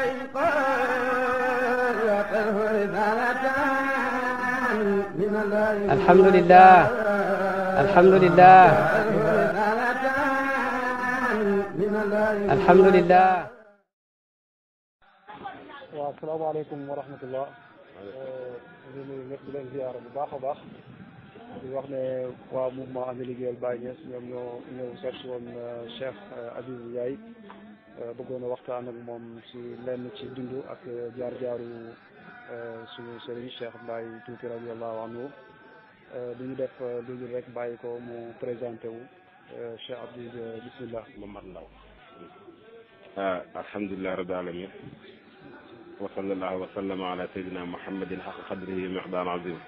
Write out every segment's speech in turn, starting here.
alhamdulilah alhamdulilah alhamdulilah. waaw salaamaaleykum wa rahmatullah. Eh, ñu ngi ñëpp di leen ziyaara bu baax a baax. di wax ne waa mouvement ànd liggéeyal Baye Niass ñoom ñoo ñëw seet woon eh, Cheikh eh, Aziz Ndiaye. bëggoon a waxtaan ak moom ci lenn ci dund ak jaar-jaaru euh, suñu sëriñ Cheikh Mbaye Tuuti radiyallahu anhu euh, du ñu def euh, lu rek bàyyi ko mu présenté wu Cheikh Abdou bismillah Momar Ndao alhamdulilah rabbil alamin wa sallallahu wa sallama ala sayyidina muhammadin xaq qadrihi miqdaan azim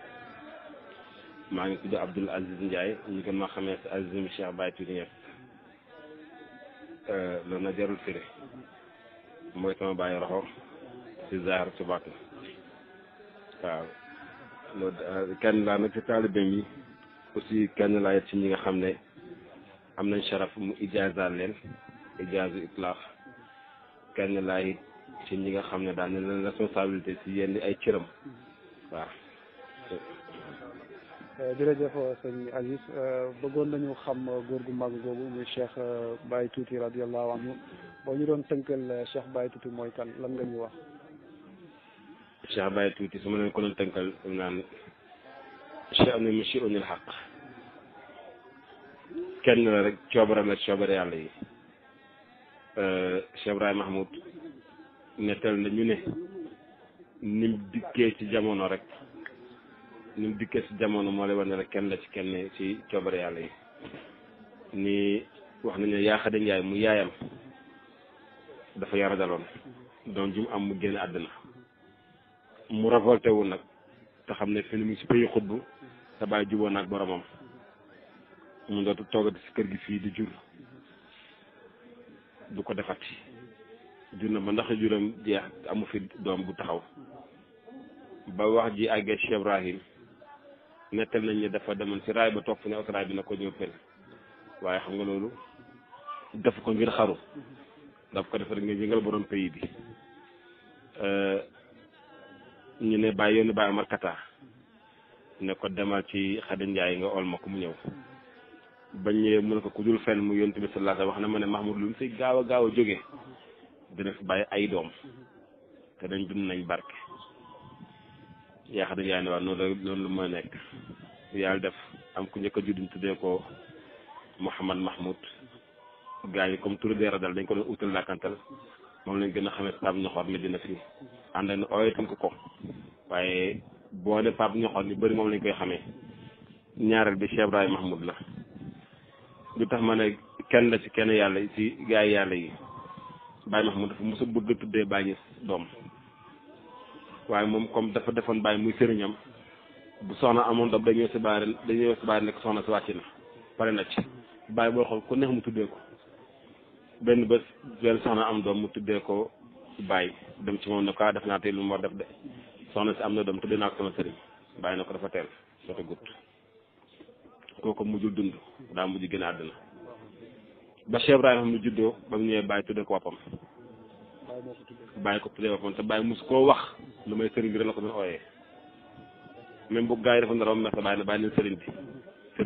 maa ngi tudd Abdoul Aziz Ndiaye ñu gën ma xamee si Azim Cheikh Baye Tuuti Niass Euh, loolu na jarul firi mooy sama bàyyi roxo ci zaar ci bàtt waaw euh, kenn laa nag ci taalibeem yi aussi kenn laa yit ci ñi nga xam ne am nañ sharaf mu ijaazaal leen ijaazu itlaax kenn laa yit ci ñi nga xam ne daal ne leen responsabilité si yenn ay cëram waaw Euh, jërëjëf euh, sëñ Aziz euh, bëggoon nañu xam góor gu mag googu muy Cheikh Baye Tuuti radiallahu anhu boo ñu doon tënkal Cheikh Baye mooy kan lan nga ñu wax. Cheikh Baye Tuuti su ma leen ko doon tënkal am naan Cheikh am na monsieur Onil Xaq kenn la rek coobaram la coobare yàlla yi Cheikh Ibrahim Mahmoud nettal na ñu ne nim ci jamono rek. ni mu dikkee si jamono moo lay war ne la kenn la ci kenn ci coobare yàlla yi ni wax na ne yaa xadi njaay mu yaayam dafa yaradaloon daloon doon jum am mu génn àddina mu révolté wu nag te xam ne fi mu ngi si pays xutbu te bàyyi juboo naag boromam mu dootu toogati si kër gi fii di jur du ko defati jur na ba ndax juram jeex amu fi doom bu taxaw ba wax ji àggee Cheikh Ibrahim nettal nañ ne dafa demoon ci raay ba toog fu ne ak raay bi na ko ñëw fële waaye xam nga loolu def ko ngir xaru ndax ko def rek nga yëngal borom pays bi ñu ne bàyyi yoonu bàyyi Omar Kata ne ko demal ci Xadi Njaay nga ol ma ko mu ñëw bañ mu ne ko ku dul fen mu yonent bi sallallahu alayhi wax ne ma ne Mahmoud lu mu fi gaaw a gaaw a jógee dina fi bàyyi ay doom te dañ dund nañ barke yaakaar nañu yaay na waat noonu la ma mooy nekk yàlla def am ku njëkk a judd tuddee ko Mouhamad Mahmoud gars yi comme turu deera dal dañ ko doon utal làkkantal moom lañ gën a xamee Pape Ñoxor mi dina fi ànd ak ooy ko ko waaye boo ne Pape Ñoxor ñu bëri moom lañ koy xamee ñaareel bi Cheikh Ibrahima Mahmoud la lu tax ma ne kenn la ci kenn yàlla ci gars yi yàlla yi Baye Mahmoud dafa mos a bëgg tuddee baa Niass doom. waaye moom comme dafa defoon bàyyi muy sëriñam bu soxna amoon doom dañoo si bàyyi dañoo si bàyyi ne ko soxna si wàcc na pare na ci bàyyi boo xool ku neex mu tuddee ko benn bés soxna am doom mu tuddee ko bàyyi dem ci moom ne ah, def naa tey lu def de soxna si am na doom tuddee naa ko sama sëriñ bàyyi na ko dafa teel soto gudd kooku mujjul dund daa mujj gën a àdduna ba Cheikh mu juddoo ba mu ñëwee bàyyi tuddee ko woppam bàyyi ko tuddee boppam te bàyyi mosu koo wax lu may sëriñ bi rek la ko doon ooyee même bu gars yi dafa naroon mer bàyyi na bàyyi leen sëriñ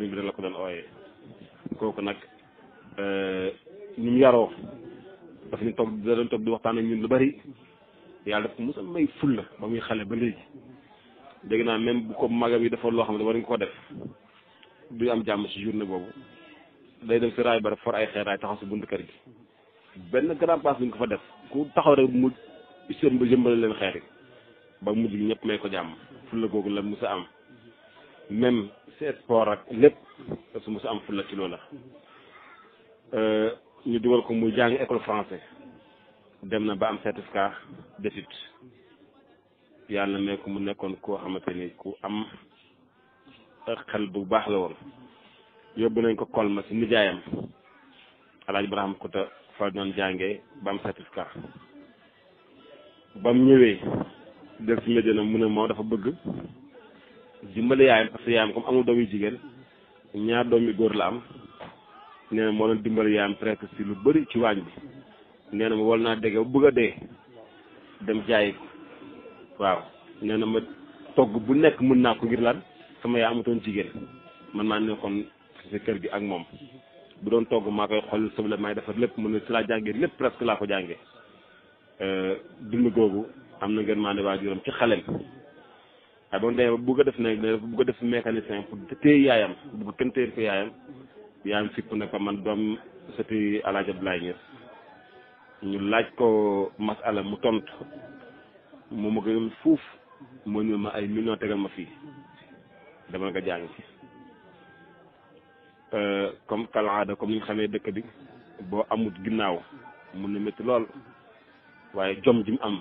bi bi rek ko doon ooyee nag ñu euh, mu yaroo daf ñu toog da di waxtaan ak ñun lu bari yàlla daf may fulla ba muy xale ba léegi dégg naa même bu ko magam yi dafa loo xam ne war nga ko def du am jàmm ci journée boobu day dem si raay ba for ay xeer raay taxaw si buntu kër gi. benn grand place duñ ko fa def ku taxaw rek mu seen ba jëmbale leen xeer yi ba mujj gi ñëpp may ko jàmm fulla googu la mu musa am même c'est sport ak lépp parce mu si am fulla ci loola euh, ñu dugal ko muy jàng école français dem na ba am certificat d'étude yàlla mee ko mu nekkoon koo xamante ni ku am xel bu baax la woon yóbbu nañ ko kolma si nijaayam Alaaji Ibrahima Kouta fa doon jànge ba am certificat ba mu ñëwee def si Medina mu ne moom dafa bëgg dimbali yaayam parce que yaayam comme amul doom yu jigéen ñaar doom góor la am nee na moo doon dimbali yaayam presque si lu bari ci waañ bi nee na ma wol naa dégg bu bëgg a dee dem jaayi ko waaw nee na ma togg bu nekk mën naa ko ngir lan sama yaa amatoon jigéen man maa nekkoon si kër gi ak moom bu doon togg maa koy xool sëb la may defar lépp mu ne si laa jàngee lépp presque laa ko jàngee euh, dund googu am na ngeen maa ne waajuram ci xalem waaye ba mu demee bu ko def nag ko def mécanicien pour téye yaayam bu ko kenn téye ko yaayam yaayam fipp nag ko man doom sëti El Hadj Abdoulaye Niass ñu laaj ko masala mu tontu mu ma ko yoon fuuf moo ñëw ma ay million tegal ma fii dama nga jàngi Euh, comme kalaada comme ni nga xamee dëkk bi boo amut ginnaaw mun na métti lool waaye jom ji mu am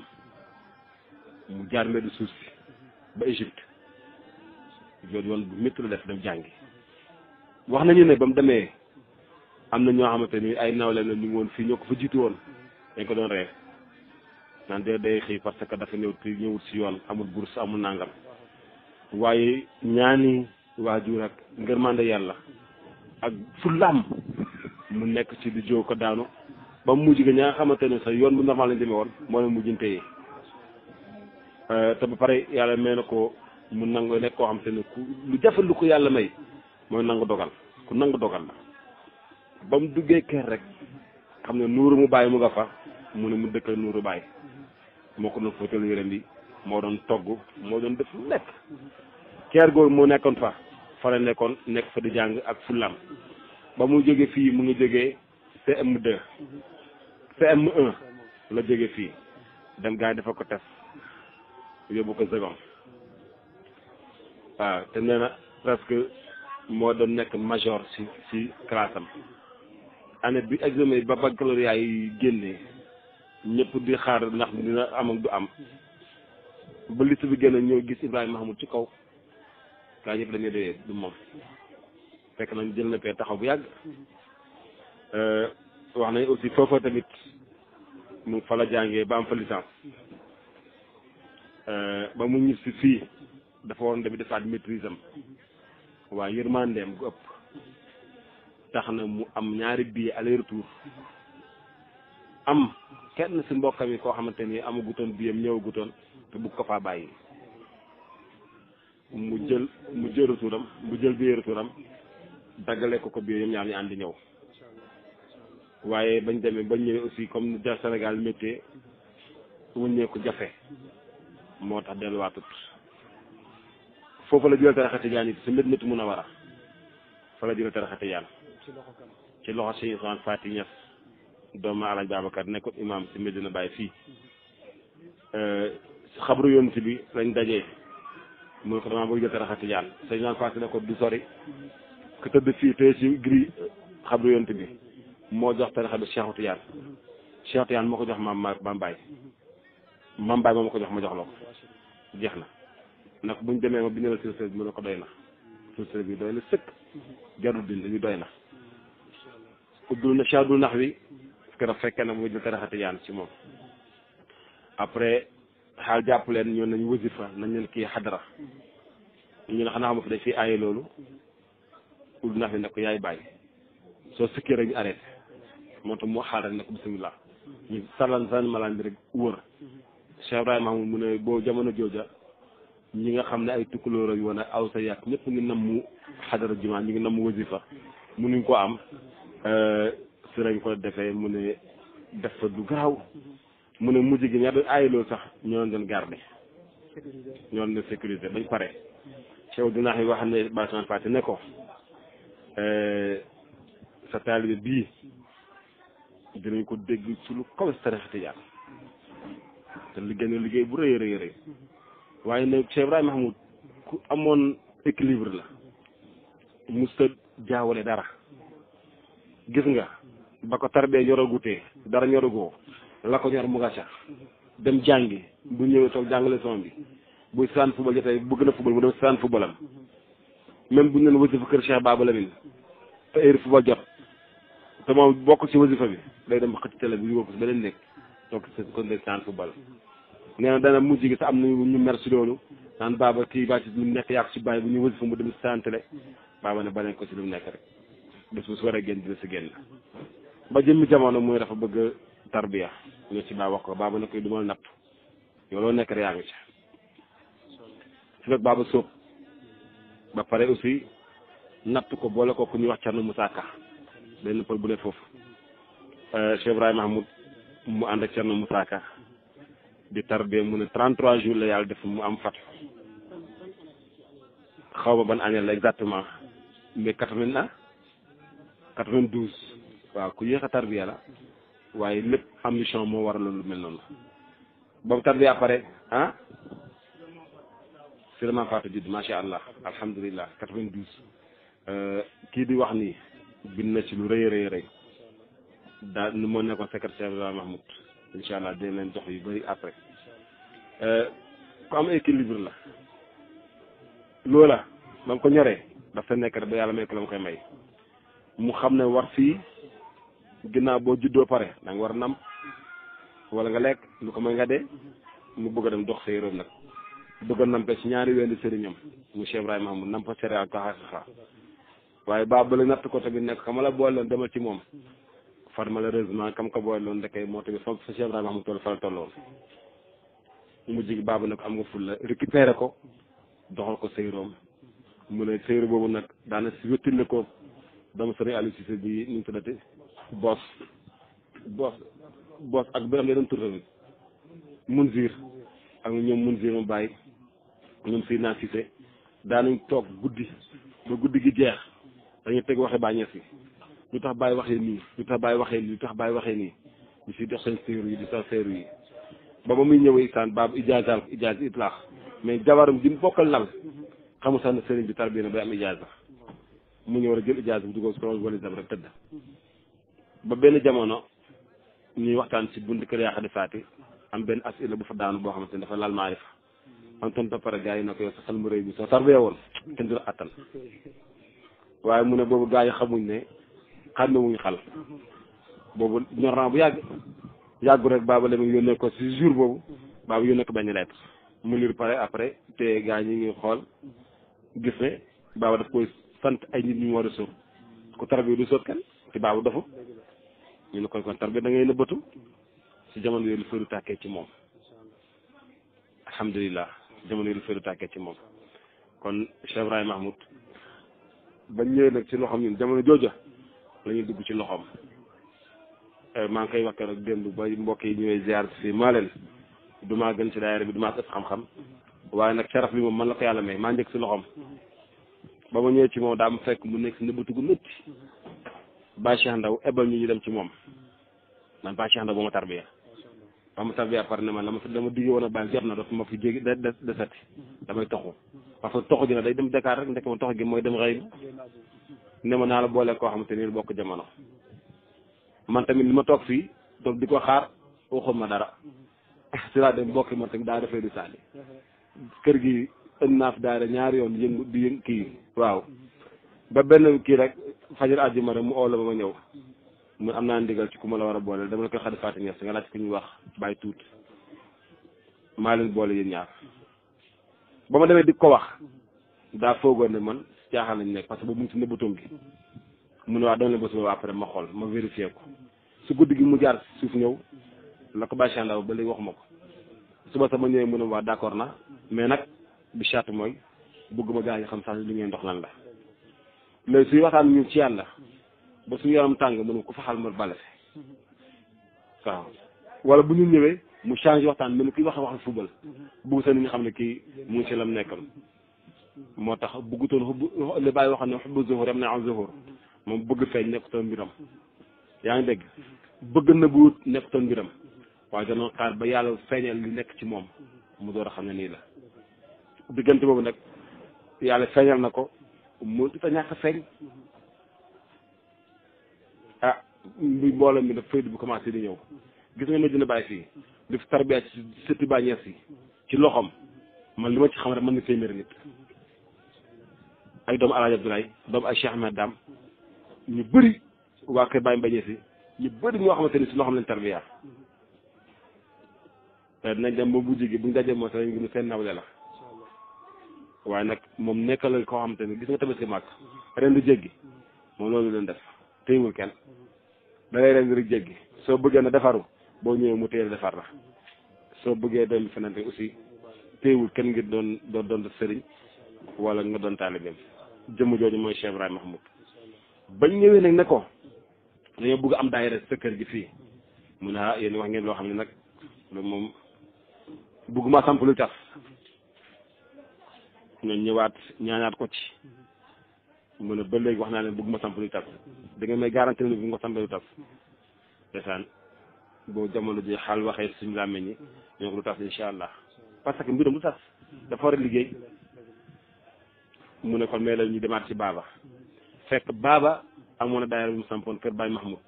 mu jaar mbedd suuf si ba Égypte yoon bu métti la def dem jàngi wax nañu ne ba mu demee am na ñoo xamante ni ay nawle na ñu ngi woon fii ñoo ko fa jiitu woon dañ ko doon ree naan de day xëy parce que dafa ñëw te ñëwut si yoon amul bourse amul nàngam waaye ñaani waajur ak ngërmande yàlla ak fullaam mu nekk ci di jóo ko daanu ba mujj ga ña nga xamante ne sax yoon bu normal lañ demee woon moo ne mujjante yi euh, te bu pare yàlla may na ko mu nangu nekk koo xam te ne ku lu jafe lu ko yàlla may mooy nangu dogal ku nangu dogal ba mu duggee kër rek xam ne nuuru mu bàyyi mu nga fa mu ne mu dëkk nuuru bàyyi moo ko doon fóotal yërëm bi moo doon togg moo doon def lu nekk kër googu moo nekkoon fa fa la nekkoon nekk fa di jàng ak fulam ba mu jóge fii mu ngi jógee CM2 la jóge fii dem gars yi dafa ko test yóbbu ko second waaw te nee na presque moo doon nekk major ci si classe am année bi examen ba baccalauréat yi génnee ñëpp di xaar ndax dina am du am ba liste bi génn ñoo gis Ibrahima Mahmoud ci kaw gaa yëpp dañuy doyee du moom fekk nañ jël na pee taxaw bu yàgg euh, wax nañ aussi foofa tamit mu fa la jàngee ba am fa euh, ba mu ñib si fii dafa waroon tamit defaat maîtrise am waaye yërmandeem gu ëpp tax na mu am ñaari billet aller retour am kenn si mbokkam yi koo xamante ni amagutoon billet am ñëwagutoon te bugg ko faa bàyyi mu jël mu jël retouram mu jël billet retouram daggale ko ko biir ñoom ñaar ñu àndi ñëw waaye bañ demee bañ ñëwee aussi comme ja Sénégal métier wëññeeku jafe moo tax delluwaatut foofu la jël taraxa tijaan yi si mét nit mun a war a fa la jël taraxa tijaan ci loxo Cheikh Ousmane Faty Niass doomu Alaaji Babacar nekkoon imam si Medina Baye fii mhm. euh, xabru yonent bi lañ dajee mooy ko damaa bëgg jël tarixa tijaan sëñ naan faasi ne ko du sori ku tëdd fii tey si gri xabru yont bi moo jox tarixa bi Cheikhu Tijaan Cheikhu Tijaan moo ko jox maam maam Baay maam Baay moom ko jox ma jox la ko jeex na nag buñ demee ma bindal silsila bi mu ne ko doy na silsila bi doy na sëkk jarul bind ñu doy na uddul na chaadul nax wi parce fekkee na mu jël tarixa tijaan ci moom après xaal jàpp leen ñoo nañu nañ wasifa nañ leen kii xadara ñu ne xanaa xam fi de fii aaye loolu ul naaf ne ko yaay baay soo sikkee rek ñu arrêté moo tax mu xaal rek ne ko bisimilah ñu salan bi rek wër mu ne boo jamono jooja ñi nga xam ne ay tukkulóor ak woon ak aw sa yàq ñëpp ngi namm xadara jumaa ñu ngi fa wasifa mënuñ koo am euh, si lañ ko defee mu ne def fa du gaaw mu ne mujj gi ña doon sax ñoo leen doon garde ñoo leen doon sécurité bañ pare cheikh dinaax yi wax ne basan fàtte ne ko eh, sa taalibe bii dinañ ko dégg ci lu kaw si tarixa tijaan te liggéey na liggéey bu rëy rëy rëy waaye ne Cheikh Ibrahima Mahmoud ku amoon équilibre la musta jaawale dara gis nga ba ko tarbee ñoragutee dara ñoragoo la ko ñor mu nga ca dem jàngi bu ñëwee toog jàngale son bi buy saan football ay bëgg na football mu dem saan footballam même bu ñu doon wasifa kër Cheikh Baba ba te heure football jot te moom bokk ci wasifa bi day dem xëcc télé bi yóbbu ko si nekk toog kon day saan football na dana mujj gi sax ñu mer si loolu naan Baba kii bàcc lu mu nekk yàqu si ñu wasifa mu dem saan télé Baba ne baleen ko si lu nekk rek bés bu su war a génn dina si génn ba jëmmi jamono mooy dafa bëgg tarbiya lu ci baa wax ko baaba ne koy du ma napp yow loo nekk rek yaa ngi ci su fekk baaba sóob ba pare aussi natt ko boole ko ku ñuy wax Thierno Moussa Ka benn pël bu ne foofu euh, Cheikh Ibrahima mu ànd ak Thierno di tarbiya mu ne 33 jours la yàlla def mu am fatu xaw ma ban année la exactement mais 80 na 92 waaw ku yéex a tarbiya la. waaye lépp ambition moo waral lu mel noonu boobu tarbiya pare ah si dama faatu judd macha allah alhamdulilah 92 euh, kii di wax nii bind na ci lu rëy rëy rëy daal ni moo nekkoon secrétaire Mahmoud incha allah dina leen jox yu bëri après euh, ku am équilibre la loola ba mu ko ñoree dafa nekk rek ba yàlla may ko la mu koy may mu xam ne war fii ginnaaw boo juddoo pare da war a nam wala nga lekk lu ko may nga dee mu bëgg dem dox sa yëroon nag bëgg a nampe si ñaari wendi sëriñam mu Cheikh Ibrahima mu nampa sëriñ ak xaqiqa waaye baa ba la natt ko tamit nekk xam la boole demal ci moom far malheureusement kam ko boole loon ndekay moo tamit fa Cheikh Ibrahima mu toll fa la tolloon mu jigi baaba am nga la récupéré ko doxal ko mu ne sëyro boobu nag daana si wéttil na ko dama sëriñ Aliou Cissé bi ñu mu tuddati boos boos boos ak beneen leneen tur tamit Mounzir ak ñoom Mounzir mu bàyyi ñoom si naa Cissé daanañ toog guddi ba guddi gi jeex dañuy teg waxe baa ñees yi lu tax baay waxee nii lu tax baay waxee nii lu tax bàyyi waxee nii ñu si dox seen séeru yi di sa séeru yi ba ba muy ñëwee isaan baab ijaazaal ijaaz itlaax mais jabaram ji mu bokkal lal xamul sax ne sëriñ bi tarbiya na bay am ijaaza mu ñëw war a jël ijaaza bi dugal ko wala jab rek tëdd ba benn jamono ñuy waxtaan ci buntu kër yaa xadisaati am benn asila bu fa daanu boo xamante ne dafa laal maarifa am ton toppare gars yi na ko yow sa xel mu rëy bi soo tarbee woon kenn du la attan waaye mu ne boobu gars yi xamuñ ne xàmmewuñ xal boobu ñor naa bu yàgg yàggu rek baaba la mu yónnee ko ci jour boobu baaba yónnee ko benn lettre mu lire pare après te gars yi ñu ngi xool gis ne baaba daf koy sant ay nit ñu war a sóor ku tarbi du sóor kenn ñu ne koy kon tarbiya da ngay nëbbatu si jamono yooyu lu fëru tàkkee ci moom alhamdulilah si jamono yooyu lu fëru tàkkee ci moom kon Cheikh Ibrahima Mahmoud ñëwee nag ci loxoom ñun jamono jooja la dugg ci loxoom euh, maa ngi koy wax ak démb ba mbokk yi ñëwee ziar si maa leen gën ci daayira bi dumaa ëpp xam-xam waaye nag caraf bi moom man la ko yàlla may maa njëkk si loxoom ba ma ñëwee ci moom daa ma fekk mu nekk si nëbbatu gu métti bàyyi Cheikh Ndaw ebal ñu ñu dem ci moom man Baye Cheikh Ndao moo ma tarbiya ba ma tarbiya par ne man la ma fi dama digg woon a bàyyi jot na dootu ma fi jéggi da desati damay toxu parce que toxu gi nag day dem Dakar rek ndekk ma toxu gi mooy dem xëy ne ma naa la boole koo xamante ni bokk jamono man tamit li ma toog fii toog di ko xaar waxoon ma dara si laa dem bokki man tamit daa defee di saali kër gi ënd naa fi daara ñaari yoon yëngu di yëng kii waaw ba benn kii rek fajar àjjuma rek mu oo la ba ma ñëw mu am naa ndigal ci ku ma la war a boole dama la koy xadi faati ñes nga laaj ku ñuy wax bàyyi tuut maa leen boole yéen ñaar ba ma demee di ko wax daa foogoon ne man caaxaan lañ nekk parce que boobu mu si nëbbatoom gi mu ne waa dama leen ma xool ma vérifié ko su guddi gi mu jaar suuf ñëw la ko bàyyi chandaw ba léegi waxuma ko suba sama ñëwee mu ne waa d'accord na mais nag bi charte mooy bëgg ma gaa yi xam sax li ngeen dox lan la léegi suy waxtaan ñu ci yàlla ba suñu yaram tàng mu ne ko faxal moo bale fe waaw wala bu ñu ñëwee mu changé waxtaan mel ni kuy wax waxal football bugg sa ni ñu xam ne kii mu ngi si lam nekkoon moo tax bugg xubbu li bàyyi waxoon ne xubbu zuhur am na am zuhur moom bëgg feeñ nekkutoon mbiram yaa ngi dégg bëgg na bu wut nekkutoon mbiram waaye danoon xaar ba yàlla feeñal li nekk ci moom mu door a xam ne nii la diggante boobu nag yàlla feeñal na ko mu ta ñàkk feeñ muy mbooloo mi daf faydu bu commencé di ñëw gis nga ma dina bàyyi fii daf tarbiya ci sëtti bà ñees yi ci loxoom man li ma ci xam rek mën na téeméeri nit ay doomu alaaji Abdoulaye doomu ay Cheikh Ahmed Dam ñu bëri waa kër Baye Mbaye si ñu bëri ñoo xamante ni si loo xam lañ tarbiya eh, dinañ bu jigi bu ñu dajee moo tax seen nawle la waaye nag moom nekkal koo xam xamante ni gis nga tamit si màgg ren du jéggi moom loolu leen def téyewul kenn da ngay rendi rek jéggi soo bëggee na defaru boo ñëwee mu teel defar la soo bëggee dem feneen rek aussi téewul kenn ngir doon doon doon sëriñ wala nga doon taalibeem jëmm jooju mooy Cheikh Ibrahima Mahmoud bañ ñëwee nag ne ko dañoo bugg am daayira sa kër gi fii mun ne ah wax ngeen loo xam ne nag loolu moom bëgguma samp lu tax ñoom ñëwaat ñaanaat ko ci mu ne ba léegi wax naa leen bëgg ma samp luy tas da may garanti ne bu ma sampee lu tas ndeysaan boobu jamono ji xaal waxee suñu làmmiñ ñi ñoo ko lu tas incha allah parce que mbiram lu tas dafa war a liggéey mu ne kon la ñu demaat ci baaba fekk baaba amoon na daayira bu mu sampoon kër Baye Mahmoud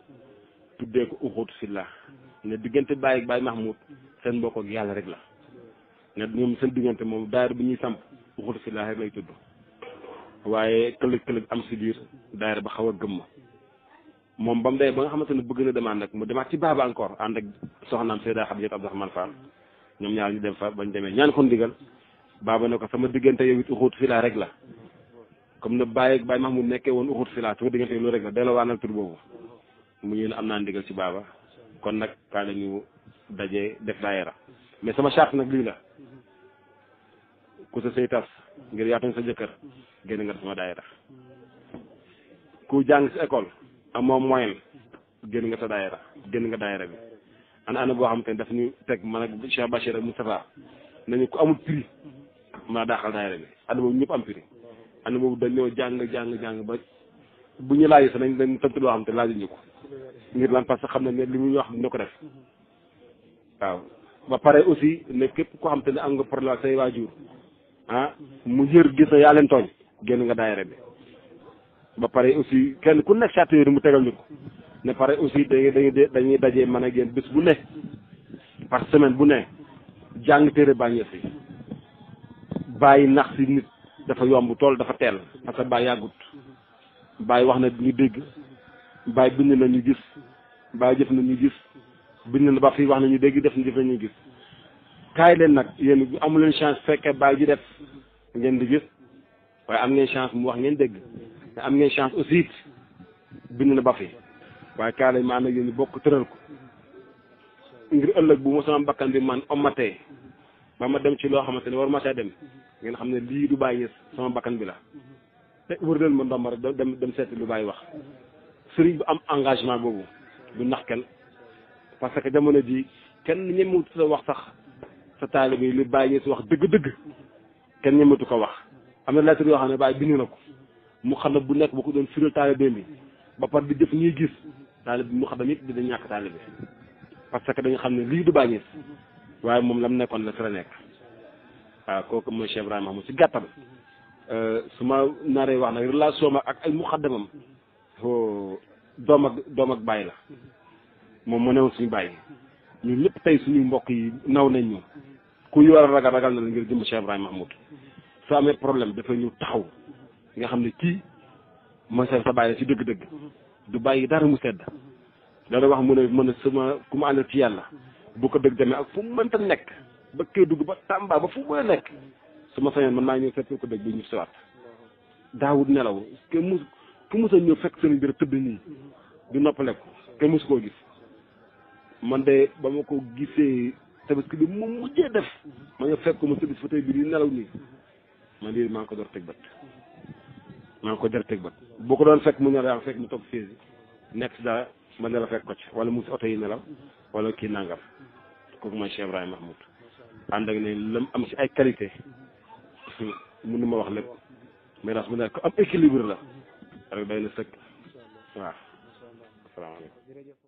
tuddee ko uxuut fi la ne diggante Baye ak Baye Mahmoud seen bokk ak yàlla rek la ne ñoom seen diggante moom daayira bi ñuy samp uxuut fi la rek lay tudd waaye këlëg këlëg am si biir daayira ba xaw a gëmm moom ba mu dee ba nga xamante ne bëgg na demaat nag mu demaat ci baaba encore ànd ak soxnaam Seyda Xadijat Abdourahmane Fall ñoom ñaar ñu dem fa bañ demee ñaan ko ndigal baaba ne ko sama diggante yow it uxut filaa rek la comme ne Baye Baye nekkee woon uxut filaa sama diggante yow loolu rek la delloo waanal tur boobu mu ñu ne am naa ndigal ci baaba kon nag kaa la ñu dajee def daayira mais sama charte nag lii la ku sa tas ngir yaatuñ sa jëkkër génn nga sama daayira ku jàng si école amoo moyen génn nga sa daayira génn nga daayira bi ana ana boo xam ne daf ñu teg man ak Cheikh Bachir ak Moustapha nañu ku amul prix mën a daaxal daayira bi ana boobu ñëpp am prix ana boobu dañoo jàng jàng jàng ba bu ñu laaj sax nañ dañ tënt loo xam te laajuñu ko ngir lan parce xam ne ne li muy wax dina ko def waaw ba pare aussi ne képp koo xam te ne am nga problème ak say ah mu jër gis na yaa leen génn nga daayira bi ba pare aussi kenn ku nekk charte yooyu mu tegal ñu ko ne pare aussi dañuy dañuy dañuy dajee mën a génn bis bu ne par semaine bu ne jàng téere bàññees yi bàyyi nax si nit dafa yomb tool dafa teel parce bàyyi yàggut bàyyi wax na ñu dégg bàyyi bind na ñu gis bàyyi jëf na ñu gis bind na ba fii wax na ñu dégg def na jëf na ñu gis kaay leen nag yéen amu leen chance fekkee bàyyi ji def ngeen di gis waaye am ngeen chance mu wax ngeen dégg am ngeen chance aussi it bind na ba fi waaye kaay leen ma ànd ak yéen bokk tëral ko ngir ëllëg bu ma sama bakkan bi man ommatee ba ma dem ci loo xamante ne war ma see dem ngeen xam ne lii du bàyyi yës sama bakkan bi la te wër leen ma ma rek dem dem seet lu bàyyi wax sëriñ bu am engagement boobu du nax kenn parce que jamono jii kenn ñemewut sa taalibe yi li Baye Niass wax dëgg-dëgg kenn ñëmatu ko wax am na lettre yoo xam ne Baye bi na ko mu xam ne bu nekk ba ko doon firil bi ba par di ñuy gis taalibe mu xam ñàkk taalibe parce que dañu xam ne lii du Baye waaye moom la nekkoon la nekk waaw kooku mooy Cheikh Ibrahima mu si euh, wax nag relation ma ak ay muxaddamam doom ak bàyyi la moom moo newoon suñu bàyyi ñun ñëpp tey suñu mbokk yi naw nañ ñu ku ñu war a ragal ragal na la ngir jëm Cheikh Ibrahima Mahmoud su amee problème dafa ñu taxaw nga xam ne kii ma sa sa bàyyi la ci dëgg-dëgg du bàyyi dara mu sedd dana wax mu ne mën a sama ku ma àndal ci yàlla bu ko dëgg demee ak fu mu mënta nekk ba Kédougou ba Tamba ba fu mu mën nekk su ma sañoon man maa ñëw fekk ko dëgg bi ñu nelaw ke mus ku mus a ñëw fekk seen biir tëdd nii du noppaleku ke mus koo gis man de ba ma ko gisee tabaski bi mu mujjee def ma ñëw fekk ma tëdd fa tey bi di nelaw nii man lii maa ngi ko door teg bët maa ngi ko door teg bët boo ko doon fekk mu nelaw fekk mu toog siège nekk si dara ma nelaw fekk ko ci wala mu si oto yi nelaw wala kii nangam kooku mooy Cheikh Ibrahima Mahmoud ànd ak ne lam am si ay qualité mënu ma wax lépp mais daal su am équilibre la rek day na sëkk waaw asalaamaaleykum